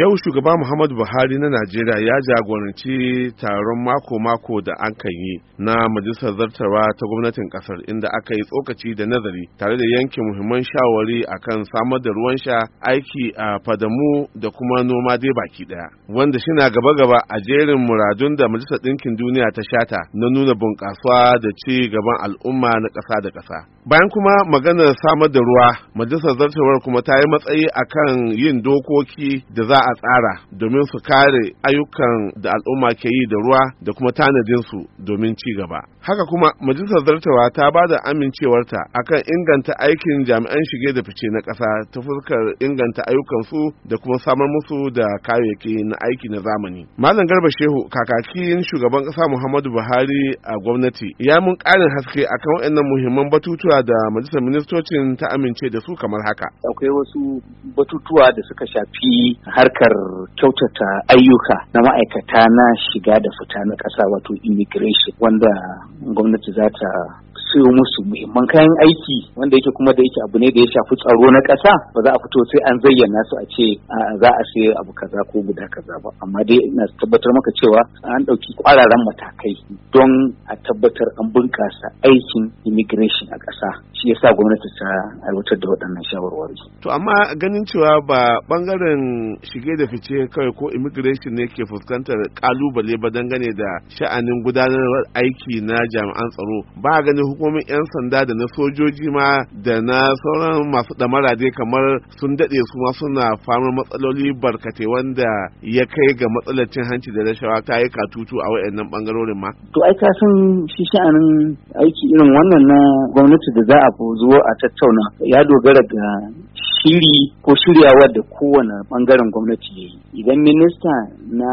yau shugaba muhammadu buhari na najeriya ya jagoranci taron mako-mako da an kan yi na majalisar zartarwa ta gwamnatin kasar inda aka yi tsokaci da nazari tare da yanke muhimman shawari akan samar da ruwan sha aiki a fadamu da kuma noma dai baki daya wanda shi na gaba-gaba a jerin muradun da majalisar ɗinkin duniya ta shata na nuna bunƙasa da ci gaban al'umma na ƙasa da ƙasa bayan kuma maganar samar da ruwa majalisar zartarwar kuma ta yi matsayi akan yin dokoki da za a tsara domin su kare ayyukan da al'umma ke yi da ruwa da kuma tanadinsu domin ci gaba. Haka kuma majalisar zartawa ta ba da amincewarta akan inganta aikin jami'an shige da fice na ƙasa ta fuskar inganta su da kuma samar musu da kayayyaki na aiki na zamani. Malam Garba Shehu kakakin shugaban ƙasa Muhammadu Buhari a gwamnati ya mun ƙarin haske akan waɗannan muhimman batutuwa da majalisar ministocin ta amince da su kamar haka. Akwai wasu batutuwa da suka shafi har Kar kyautata ayyuka na ma'aikata na shiga da fita na ƙasa wato immigration wanda gwamnati za ta sayo musu muhimman kayan aiki wanda yake kuma da yake abu ne da ya shafi tsaro na ƙasa ba za a fito sai an zayyana su a ce za a sayo abu kaza ko guda kaza ba amma dai ina tabbatar maka cewa an ɗauki ƙwararren matakai don a tabbatar an bunƙasa aikin immigration a ƙasa shi yasa gwamnati ta aiwatar da waɗannan shawarwari. To amma ganin cewa ba ɓangaren shige da fice kawai ko immigration ne ke fuskantar ƙalubale ba dangane da sha'anin gudanarwar aiki na jami'an tsaro ba ganin hukumar hukumomin 'yan sanda da na sojoji ma da na sauran masu damara dai kamar sun daɗe su ma suna fama matsaloli barkatai wanda ya kai ga matsalar cin hanci da rashawa ta yi katutu a wayannan bangarorin ma. To ai ka san shi sha'anin aiki irin wannan na gwamnati da za a zuwa a tattauna ya dogara ga shiri ko shiryawar da kowane bangaren gwamnati ya yi idan minista na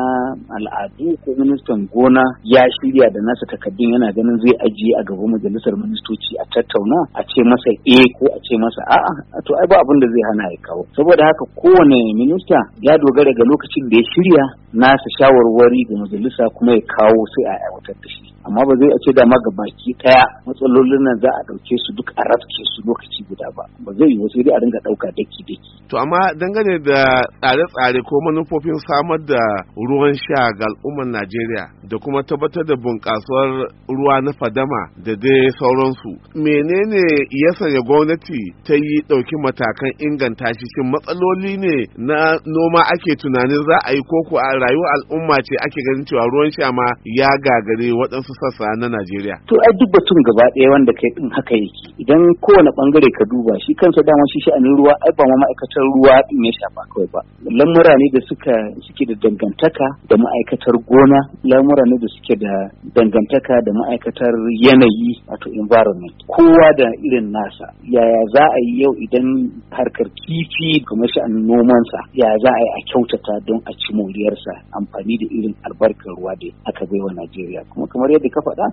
al'adu ko ministan gona ya shirya da nasa takaddun yana ganin zai ajiye a gaban majalisar ministoci a tattauna a ce masa e ko a ce masa a'a to ai ba abin da zai hana ya kawo saboda haka kowane minista ya dogara ga lokacin da ya shirya nasa shawarwari ga majalisa kuma ya kawo sai a aiwatar da shi amma ba zai a ce dama ga baki ɗaya matsalolin nan za a ɗauke su duk a rafke su lokaci guda ba ba zai yiwu sai dai a dinga ɗauka daki daki to amma dangane da tsare-tsare ko manufofin samar da ruwan sha ga al'ummar Najeriya da kuma tabbatar da bunƙasar ruwa na fadama da dai sauransu menene ya sanya gwamnati ta yi ɗauki matakan inganta shi shin matsaloli ne na noma ake tunanin za a yi koko a rayuwar al'umma ce ake ganin cewa ruwan sha ma ya gagare waɗansu masu sassa na Najeriya? To ai duk batun gaba ɗaya wanda kai ɗin haka yake idan kowane bangare ka duba shi kansa dama shi sha'anin ruwa ai ba ma ma'aikatar ruwa din ya shafa kawai ba. Lamura ne da suka suke da dangantaka da ma'aikatar gona, lamura ne da suke da dangantaka da ma'aikatar yanayi wato environment. Kowa da irin nasa yaya za a yi yau idan harkar kifi kamar sha'anin nomansa ya za a yi a kyautata don a ci moriyarsa amfani da irin albarkar ruwa da aka baiwa Najeriya kuma kamar yadda ka faɗa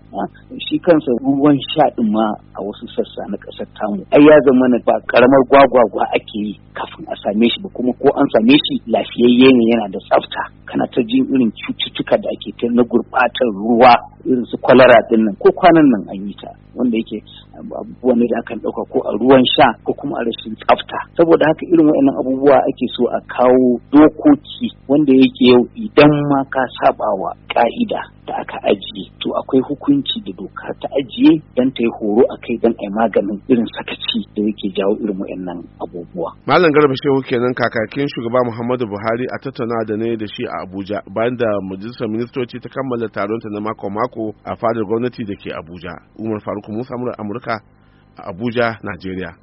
shi kansa ruwan sha ɗin ma a wasu sassa na ƙasar tamu ai ya zama na ba karamar gwagwagwa ake yi kafin a same shi ba kuma ko an same shi lafiyayye ne yana da tsafta kana ta jin irin cututtuka da ake ta na gurɓatar ruwa irin su kwalara din nan ko kwanan nan an yi ta wanda yake abubuwa ne da akan ɗauka ko a ruwan sha ko kuma a rashin tsafta saboda haka irin waɗannan abubuwa ake so a kawo dokoki wanda yake yau idan ma ka sabawa ka'ida da aka ajiye to akwai hukunci da doka ta ajiye don ta yi horo a kai don a yi maganin irin sakaci da yake jawo irin waɗannan abubuwa. Malam Garba Shehu kenan kakakin shugaba Muhammadu Buhari a tattauna da ne da shi a Abuja bayan da majalisar ministoci ta kammala taron ta na mako-mako a fadar gwamnati da ke Abuja. Umar Faruk kuma musa amurka a abuja najeriya